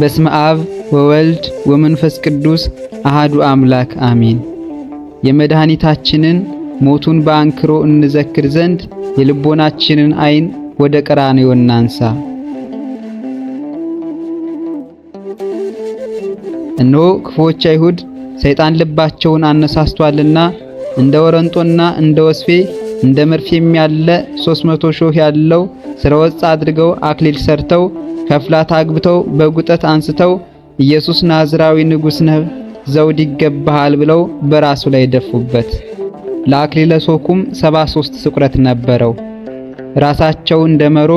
በስመ አብ ወወልድ ወመንፈስ ቅዱስ አሃዱ አምላክ አሜን። የመድኃኒታችንን ሞቱን በአንክሮ እንዘክር ዘንድ የልቦናችንን አይን ወደ ቀራንዮ እናንሳ። እነሆ ክፉዎች አይሁድ ሰይጣን ልባቸውን አነሳስቷልና እንደ ወረንጦና እንደ ወስፌ እንደ መርፌም ያለ 300 ሾህ ያለው ስረ ወጽ አድርገው አክሊል ሰርተው ከፍላት አግብተው በጉጠት አንስተው ኢየሱስ ናዝራዊ ንጉሥ ነህ ዘውድ ይገባሃል ብለው በራሱ ላይ ደፉበት። ለአክሊለ ሶኩም 73 ስቁረት ነበረው። ራሳቸው እንደ መሮ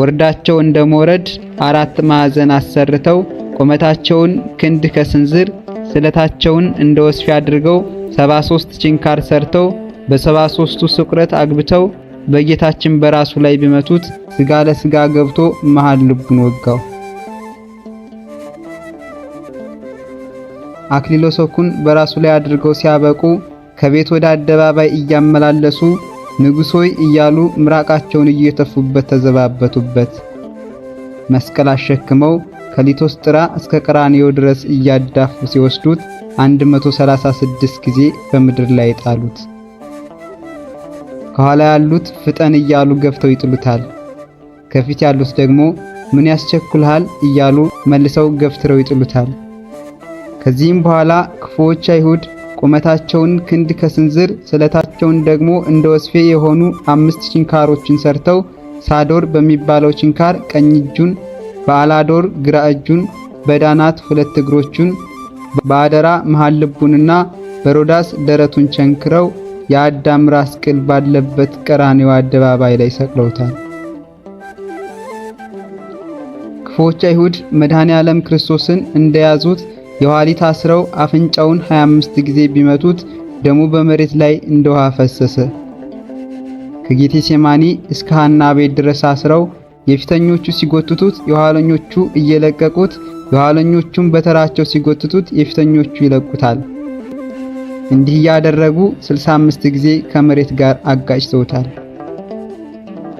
ወርዳቸው እንደ ሞረድ አራት ማዕዘን አሰርተው ቁመታቸውን ክንድ ከስንዝር ስለታቸውን እንደ ወስፊ አድርገው 73 ችንካር ሰርተው በ73ቱ ስቁረት አግብተው በጌታችን በራሱ ላይ ቢመቱት ስጋ ለስጋ ገብቶ መሃል ልቡን ወጋው። አክሊሎሶኩን በራሱ ላይ አድርገው ሲያበቁ ከቤት ወደ አደባባይ እያመላለሱ ንጉሶይ እያሉ ምራቃቸውን እየተፉበት ተዘባበቱበት። መስቀል አሸክመው ጥራ እስከ ቀራንዮ ድረስ እያዳፉ ሲወስዱት 136 ጊዜ በምድር ላይ ጣሉት። ከኋላ ያሉት ፍጠን እያሉ ገፍተው ይጥሉታል። ከፊት ያሉት ደግሞ ምን ያስቸኩልሃል እያሉ መልሰው ገፍትረው ይጥሉታል። ከዚህም በኋላ ክፉዎች አይሁድ ቁመታቸውን ክንድ ከስንዝር ስለታቸውን ደግሞ እንደ ወስፌ የሆኑ አምስት ችንካሮችን ሰርተው ሳዶር በሚባለው ችንካር ቀኝ እጁን፣ በአላዶር ግራ እጁን፣ በዳናት ሁለት እግሮቹን፣ በአደራ መሃል ልቡንና በሮዳስ ደረቱን ቸንክረው የአዳም ራስ ቅል ባለበት ቀራኔው አደባባይ ላይ ሰቅለውታል። ክፎች አይሁድ መድኃኔ ዓለም ክርስቶስን እንደያዙት የኋሊት አስረው አፍንጫውን 25 ጊዜ ቢመቱት ደሙ በመሬት ላይ እንደ ውሃ ፈሰሰ። ከጌቴሴማኒ እስከ ሐና ቤት ድረስ አስረው የፊተኞቹ ሲጎትቱት የኋለኞቹ እየለቀቁት፣ የኋለኞቹም በተራቸው ሲጎትቱት የፊተኞቹ ይለቁታል። እንዲህ ያደረጉ 65 ጊዜ ከመሬት ጋር አጋጭተውታል።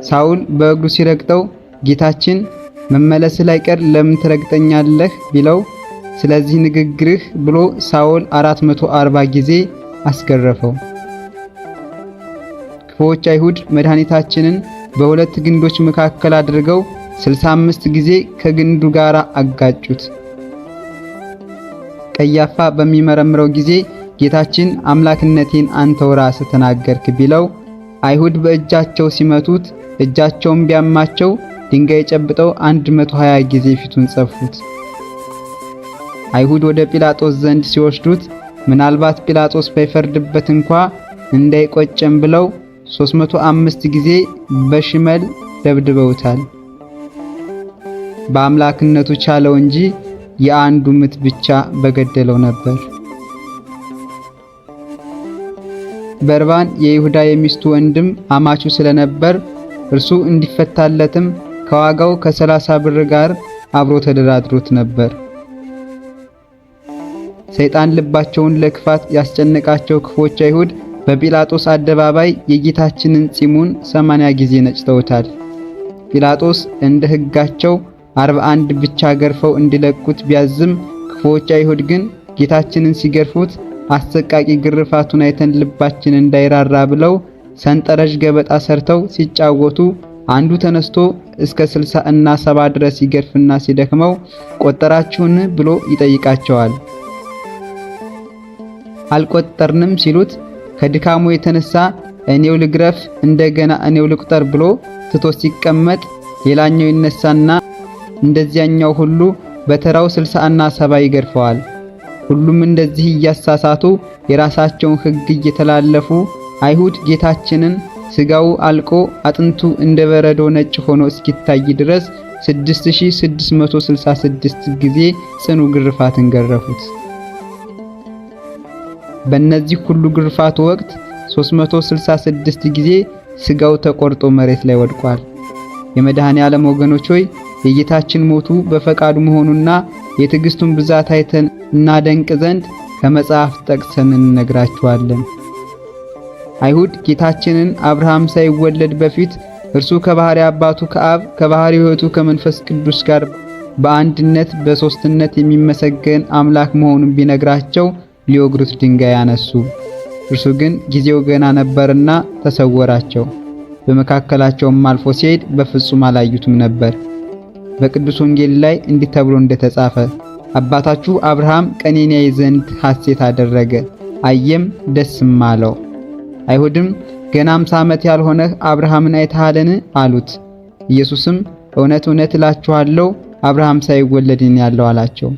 ሳውል በእግሩ ሲረግጠው ጌታችን መመለስ ላይቀር ለምን ትረግጠኛለህ ቢለው ስለዚህ ንግግርህ ብሎ ሳውል 440 ጊዜ አስገረፈው። ክፉዎች አይሁድ መድኃኒታችንን በሁለት ግንዶች መካከል አድርገው 65 ጊዜ ከግንዱ ጋር አጋጩት። ቀያፋ በሚመረምረው ጊዜ ጌታችን አምላክነቴን አንተው ራስህ ተናገርክ ቢለው አይሁድ በእጃቸው ሲመቱት እጃቸውን ቢያማቸው ድንጋይ ጨብጠው 120 ጊዜ ፊቱን ጸፉት። አይሁድ ወደ ጲላጦስ ዘንድ ሲወስዱት ምናልባት ጲላጦስ ባይፈርድበት እንኳ እንዳይቆጨም ብለው 305 ጊዜ በሽመል ደብድበውታል። በአምላክነቱ ቻለው እንጂ የአንዱ ምት ብቻ በገደለው ነበር። በርባን የይሁዳ የሚስቱ ወንድም አማቹ ስለነበር እርሱ እንዲፈታለትም ከዋጋው ከሰላሳ ብር ጋር አብሮ ተደራድሮት ነበር። ሰይጣን ልባቸውን ለክፋት ያስጨነቃቸው ክፎች አይሁድ በጲላጦስ አደባባይ የጌታችንን ጺሙን ሰማንያ ጊዜ ነጭተውታል። ጲላጦስ እንደ ሕጋቸው 41 ብቻ ገርፈው እንዲለቁት ቢያዝም ክፎች አይሁድ ግን ጌታችንን ሲገርፉት አስተቃቂ ግርፋቱን አይተን ልባችን እንዳይራራ ብለው ሰንጠረዥ ገበጣ ሰርተው ሲጫወቱ አንዱ ተነስቶ እስከ 60 እና 70 ድረስ ይገርፍና ሲደክመው ቆጠራችሁን ብሎ ይጠይቃቸዋል። አልቆጠርንም ሲሉት ከድካሙ የተነሳ እኔው ልግረፍ እንደገና እኔው ልቁጠር ብሎ ትቶ ሲቀመጥ ሌላኛው ይነሳና እንደዚያኛው ሁሉ በተራው 60 እና 70 ይገርፈዋል። ሁሉም እንደዚህ እያሳሳቱ የራሳቸውን ሕግ እየተላለፉ አይሁድ ጌታችንን ስጋው አልቆ አጥንቱ እንደ በረዶ ነጭ ሆኖ እስኪታይ ድረስ 6666 ጊዜ ጽኑ ግርፋትን ገረፉት። በእነዚህ ሁሉ ግርፋቱ ወቅት 366 ጊዜ ስጋው ተቆርጦ መሬት ላይ ወድቋል። የመድኃኔ ዓለም ወገኖች ሆይ የጌታችን ሞቱ በፈቃዱ መሆኑና የትዕግስቱን ብዛት አይተን እናደንቅ ዘንድ ከመጽሐፍ ጠቅሰን እንነግራችኋለን። አይሁድ ጌታችንን አብርሃም ሳይወለድ በፊት እርሱ ከባህሪ አባቱ ከአብ ከባህሪ ሕይወቱ ከመንፈስ ቅዱስ ጋር በአንድነት በሶስትነት የሚመሰገን አምላክ መሆኑን ቢነግራቸው ሊወግሩት ድንጋይ አነሱ። እርሱ ግን ጊዜው ገና ነበርና ተሰወራቸው። በመካከላቸውም አልፎ ሲሄድ በፍጹም አላዩትም ነበር። በቅዱስ ወንጌል ላይ እንዲህ ተብሎ እንደተጻፈ አባታችሁ አብርሃም ቀኔን ያይ ዘንድ ሐሴት አደረገ፣ አየም ደስም አለው። አይሁድም ገና አምሳ ዓመት ያልሆነህ አብርሃምን አይተሃልን? አሉት። ኢየሱስም እውነት እውነት እላችኋለሁ አብርሃም ሳይወለድን ያለው አላቸው።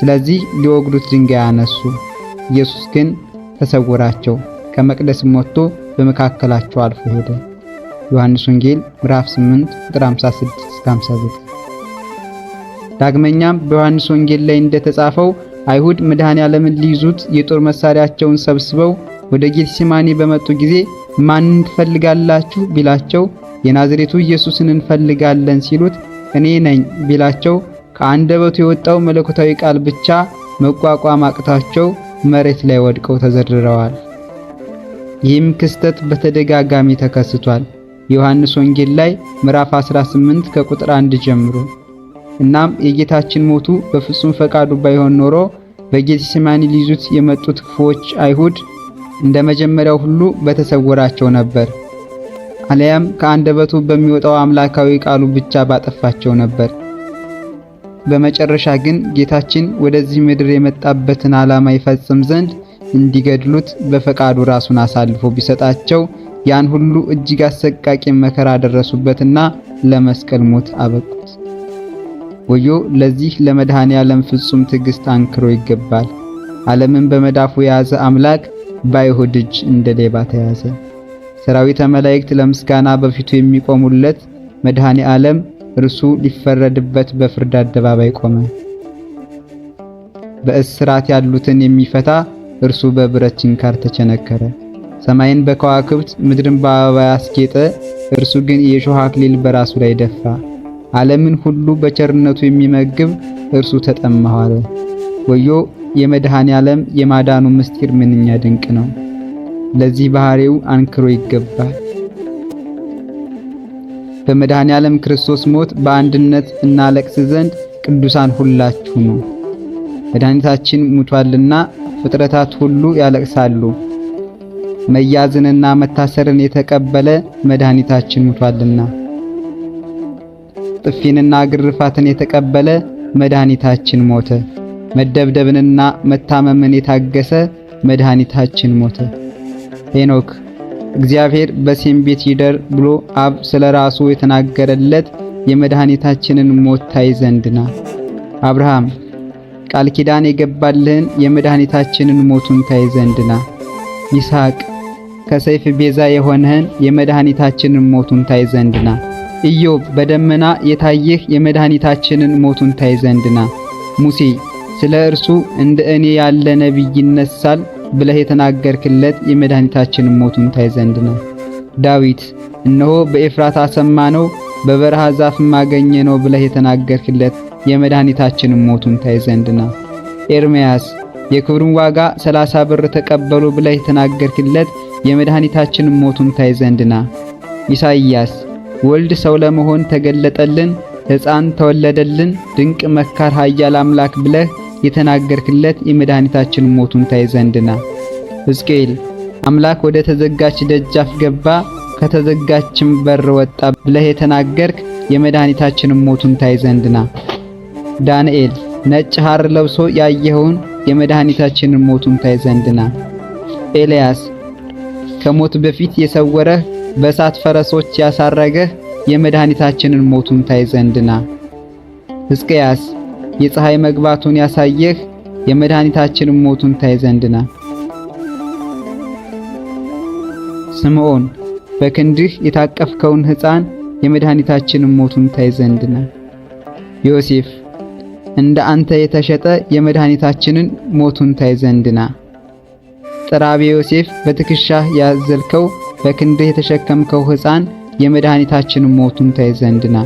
ስለዚህ ሊወግሩት ድንጋይ አነሱ። ኢየሱስ ግን ተሰወራቸው፣ ከመቅደስም ወጥቶ በመካከላቸው አልፎ ሄደ። ዮሐንስ ወንጌል ምዕራፍ 8 ቁጥር 56 እስከ 59 ዳግመኛም በዮሐንስ ወንጌል ላይ እንደተጻፈው አይሁድ መድኃኔ ዓለምን ሊይዙት የጦር መሳሪያቸውን ሰብስበው ወደ ጌትሴማኒ በመጡ ጊዜ ማንን ትፈልጋላችሁ ቢላቸው የናዝሬቱ ኢየሱስን እንፈልጋለን ሲሉት እኔ ነኝ ቢላቸው ከአንደበቱ የወጣው መለኮታዊ ቃል ብቻ መቋቋም አቅታቸው መሬት ላይ ወድቀው ተዘርረዋል። ይህም ክስተት በተደጋጋሚ ተከስቷል። ዮሐንስ ወንጌል ላይ ምዕራፍ 18 ከቁጥር 1 ጀምሮ እናም የጌታችን ሞቱ በፍጹም ፈቃዱ ባይሆን ኖሮ በጌቴሴማኒ ሊይዙት የመጡት ክፉዎች አይሁድ እንደ መጀመሪያው ሁሉ በተሰወራቸው ነበር፣ አለያም ከአንደበቱ በሚወጣው አምላካዊ ቃሉ ብቻ ባጠፋቸው ነበር። በመጨረሻ ግን ጌታችን ወደዚህ ምድር የመጣበትን ዓላማ ይፈጽም ዘንድ እንዲገድሉት በፈቃዱ ራሱን አሳልፎ ቢሰጣቸው ያን ሁሉ እጅግ አሰቃቂ መከራ ደረሱበትና ለመስቀል ሞት አበቁት። ወዮ ለዚህ ለመድኃኔ ዓለም ፍጹም ትዕግስት አንክሮ ይገባል። ዓለምን በመዳፉ የያዘ አምላክ በአይሁድ እጅ እንደ ሌባ ተያዘ። ሰራዊተ መላእክት ለምስጋና በፊቱ የሚቆሙለት መድኃኔ ዓለም እርሱ ሊፈረድበት በፍርድ አደባባይ ቆመ። በእስራት ያሉትን የሚፈታ እርሱ በብረት ችንካር ተቸነከረ። ሰማይን በከዋክብት ምድርን በአበባ ያስጌጠ እርሱ ግን የእሾህ አክሊል በራሱ ላይ ደፋ። ዓለምን ሁሉ በቸርነቱ የሚመግብ እርሱ ተጠማሁ አለ። ወዮ የመድኃኔ ዓለም የማዳኑ ምስጢር ምንኛ ድንቅ ነው! ለዚህ ባህሪው አንክሮ ይገባል። በመድኃኔ ዓለም ክርስቶስ ሞት በአንድነት እናለቅስ ዘንድ ቅዱሳን ሁላችሁ ነው። መድኃኒታችን ሙቷልና ፍጥረታት ሁሉ ያለቅሳሉ። መያዝንና መታሰርን የተቀበለ መድኃኒታችን ሙቷልና ጥፊንና ግርፋትን የተቀበለ መድኃኒታችን ሞተ። መደብደብንና መታመምን የታገሰ መድኃኒታችን ሞተ። ሄኖክ እግዚአብሔር በሴም ቤት ይደር ብሎ አብ ስለ ራሱ የተናገረለት የመድኃኒታችንን ሞት ታይ ዘንድና አብርሃም ቃል ኪዳን የገባልህን የመድኃኒታችንን ሞቱን ታይ ዘንድና ይስሐቅ ከሰይፍ ቤዛ የሆነህን የመድኃኒታችንን ሞቱን ታይ ዘንድና ኢዮብ በደመና የታየህ የመድኃኒታችንን ሞቱን ታይ ዘንድና ሙሴ ስለ እርሱ እንደ እኔ ያለ ነቢይ ይነሳል ብለህ የተናገርክለት የመድኃኒታችንን ሞቱን ታይ ዘንድና ዳዊት እነሆ በኤፍራታ ነው በበረሃ ዛፍ ማገኘ ነው ብለህ የተናገርክለት የመድኃኒታችንን ሞቱን ታይ ዘንድና ኤርምያስ የክብሩን ዋጋ ሰላሳ ብር ተቀበሉ ብለህ የተናገርክለት የመድኃኒታችንን ሞቱን ታይ ዘንድና ኢሳይያስ ወልድ ሰው ለመሆን ተገለጠልን፣ ሕፃን ተወለደልን፣ ድንቅ መካር ኃያል አምላክ ብለህ የተናገርክለት የመድኃኒታችን ሞቱን ታይ ዘንድና። ሕዝቅኤል አምላክ ወደ ተዘጋች ደጃፍ ገባ ከተዘጋችም በር ወጣ ብለህ የተናገርክ የመድኃኒታችንን ሞቱን ታይ ዘንድና። ዳንኤል ነጭ ሐር ለብሶ ያየኸውን የመድኃኒታችንን ሞቱን ታይ ዘንድና። ኤልያስ ከሞት በፊት የሰወረህ በእሳት ፈረሶች ያሳረገህ የመድኃኒታችንን ሞቱን ታይ ዘንድና። ሕዝቅያስ የፀሐይ መግባቱን ያሳየህ የመድኃኒታችንን ሞቱን ታይ ዘንድና። ስምዖን በክንድህ የታቀፍከውን ሕፃን የመድኃኒታችንን ሞቱን ታይ ዘንድና። ዮሴፍ እንደ አንተ የተሸጠ የመድኃኒታችንን ሞቱን ታይ ዘንድና። ጥራቤ ዮሴፍ በትከሻህ ያዘልከው በክንድህ የተሸከምከው ሕፃን የመድኃኒታችን ሞቱን ታይ ዘንድና።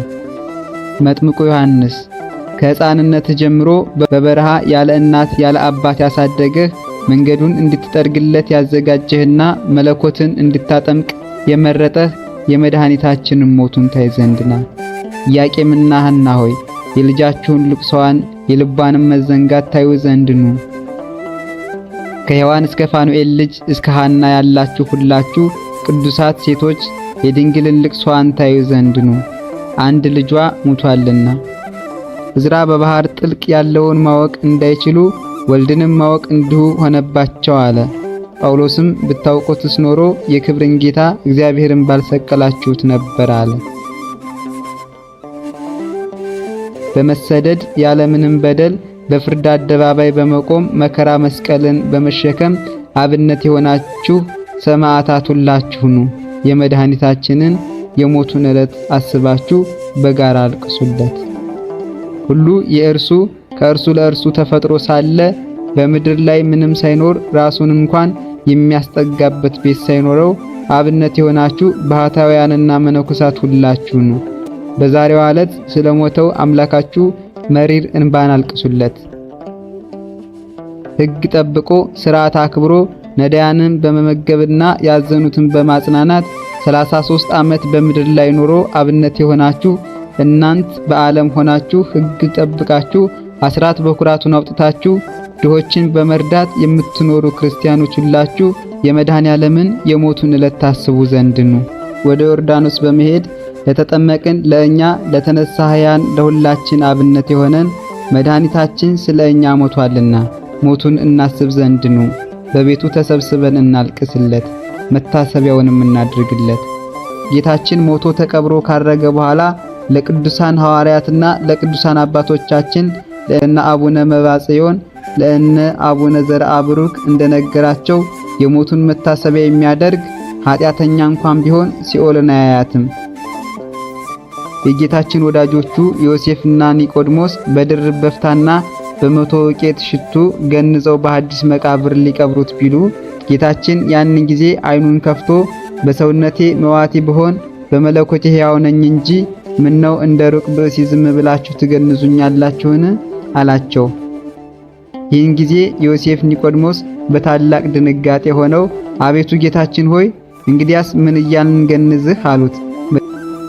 መጥምቁ ዮሐንስ ከሕፃንነት ጀምሮ በበረሃ ያለ እናት ያለ አባት ያሳደገህ መንገዱን እንድትጠርግለት ያዘጋጀህና መለኮትን እንድታጠምቅ የመረጠህ የመድኃኒታችን ሞቱን ታይ ዘንድና። ኢያቄምና ሐና ሆይ የልጃችሁን ልቅሷን የልቧንም መዘንጋት ታዩ ዘንድኑ። ከሔዋን እስከ ፋኑኤል ልጅ እስከ ሐና ያላችሁ ሁላችሁ ቅዱሳት ሴቶች የድንግልን ልቅሷን ታዩ ዘንድ ኑ፣ አንድ ልጇ ሙቷልና። እዝራ በባህር ጥልቅ ያለውን ማወቅ እንዳይችሉ ወልድንም ማወቅ እንዲሁ ሆነባቸው አለ። ጳውሎስም ብታውቁትስ ኖሮ የክብርን ጌታ እግዚአብሔርን ባልሰቀላችሁት ነበር አለ። በመሰደድ ያለምንም በደል በፍርድ አደባባይ በመቆም መከራ መስቀልን በመሸከም አብነት የሆናችሁ ሰማዕታት ሁላችሁ ኑ የመድኃኒታችንን የሞቱን ዕለት አስባችሁ በጋራ አልቅሱለት። ሁሉ የእርሱ ከእርሱ ለእርሱ ተፈጥሮ ሳለ በምድር ላይ ምንም ሳይኖር ራሱን እንኳን የሚያስጠጋበት ቤት ሳይኖረው አብነት የሆናችሁ ባህታውያንና መነኮሳት ሁላችሁ ኑ በዛሬዋ ዕለት ስለሞተው አምላካችሁ መሪር እንባን አልቅሱለት። ሕግ ጠብቆ ስርዓት አክብሮ ነዳያንን በመመገብና ያዘኑትን በማጽናናት 33 ዓመት በምድር ላይ ኖሮ አብነት የሆናችሁ እናንት በዓለም ሆናችሁ ሕግ ጠብቃችሁ አስራት በኩራቱን አውጥታችሁ ድሆችን በመርዳት የምትኖሩ ክርስቲያኖች ሁላችሁ የመድኃኔ ዓለምን የሞቱን ዕለት ታስቡ ዘንድ ኑ። ወደ ዮርዳኖስ በመሄድ ለተጠመቅን ለእኛ ለተነሳ ሕያን ለሁላችን አብነት የሆነን መድኃኒታችን ስለ እኛ ሞቷልና ሞቱን እናስብ ዘንድ ነው። በቤቱ ተሰብስበን እናልቅስለት፣ መታሰቢያውንም እናድርግለት። ጌታችን ሞቶ ተቀብሮ ካረገ በኋላ ለቅዱሳን ሐዋርያትና ለቅዱሳን አባቶቻችን ለእነ አቡነ መባጽዮን ለእነ አቡነ ዘርአ ብሩክ እንደነገራቸው የሞቱን መታሰቢያ የሚያደርግ ኃጢአተኛ እንኳን ቢሆን ሲኦልን አያያትም። የጌታችን ወዳጆቹ ዮሴፍና ኒቆድሞስ በድርብ በፍታና በመቶ ወቄት ሽቱ ገንዘው በሐዲስ መቃብር ሊቀብሩት ቢሉ ጌታችን ያንን ጊዜ አይኑን ከፍቶ በሰውነቴ መዋቲ ብሆን በመለኮቴ ሕያው ነኝ እንጂ ምነው እንደ ሩቅ ብእሲ ዝም ብላችሁ ትገንዙኛላችሁን? አላቸው። ይህን ጊዜ ዮሴፍ ኒቆድሞስ በታላቅ ድንጋጤ ሆነው አቤቱ ጌታችን ሆይ እንግዲያስ ምን እያልን ገንዝህ? አሉት።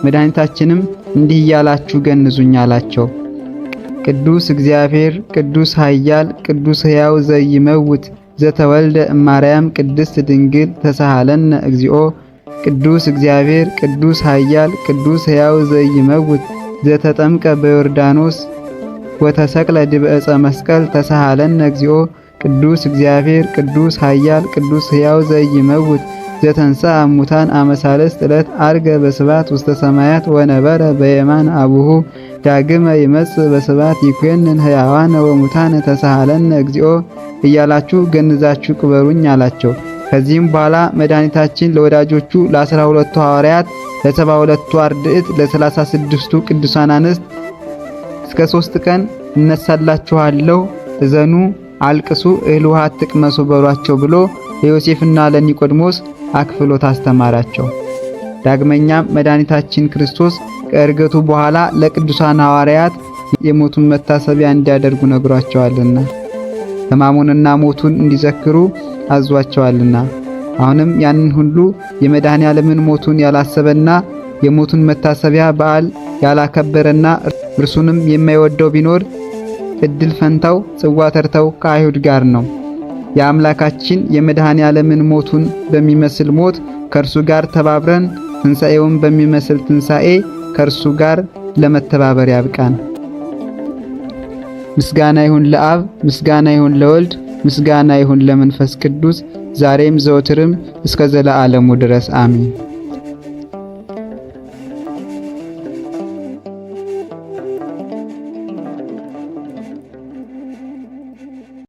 መድኃኒታችንም እንዲህ እያላችሁ ገንዙኝ አላቸው። ቅዱስ እግዚአብሔር ቅዱስ ኃያል ቅዱስ ሕያው ዘይመውት ዘተወልደ እማርያም ቅድስት ድንግል ተሳሃለነ እግዚኦ። ቅዱስ እግዚአብሔር ቅዱስ ኃያል ቅዱስ ሕያው ዘይመውት ዘተጠምቀ በዮርዳኖስ ወተሰቅለ ድብዕፀ መስቀል ተሳሃለነ እግዚኦ። ቅዱስ እግዚአብሔር ቅዱስ ኃያል ቅዱስ ሕያው ዘይመውት ዘተንሳ ሙታን አመሳለስ ጥለት አርገ በስባት ውስተ ሰማያት ወነበረ በየማን አቡሁ ዳግመ ይመጽ በስባት ይኩንን ህያዋን ወሙታን ተሳሃለን እግዚኦ እያላችሁ ገንዛችሁ ቅበሩኝ አላቸው። ከዚህም በኋላ መድኃኒታችን ለወዳጆቹ ለአስራ ሁለቱ ሐዋርያት ለሰባ ሁለቱ አርድእት ለሰላሳ ስድስቱ ቅዱሳን አንስት እስከ ሶስት ቀን እነሳላችኋለሁ፣ እዘኑ፣ አልቅሱ፣ እህል ውሃ አትቅመሱ በሏቸው ብሎ ለዮሴፍና ለኒቆድሞስ አክፍሎት አስተማራቸው። ዳግመኛም መድኃኒታችን ክርስቶስ ከእርገቱ በኋላ ለቅዱሳን ሐዋርያት የሞቱን መታሰቢያ እንዲያደርጉ ነግሯቸዋልና ሕማሙንና ሞቱን እንዲዘክሩ አዟቸዋልና አሁንም ያንን ሁሉ የመድኃኔ ዓለምን ሞቱን ያላሰበና የሞቱን መታሰቢያ በዓል ያላከበረና እርሱንም የማይወደው ቢኖር እድል ፈንታው ጽዋ ተርተው ከአይሁድ ጋር ነው። የአምላካችን የመድኃኔ ዓለምን ሞቱን በሚመስል ሞት ከእርሱ ጋር ተባብረን ትንሣኤውን በሚመስል ትንሣኤ ከእርሱ ጋር ለመተባበር ያብቃን። ምስጋና ይሁን ለአብ፣ ምስጋና ይሁን ለወልድ፣ ምስጋና ይሁን ለመንፈስ ቅዱስ ዛሬም ዘወትርም እስከ ዘለዓለሙ ድረስ አሜን።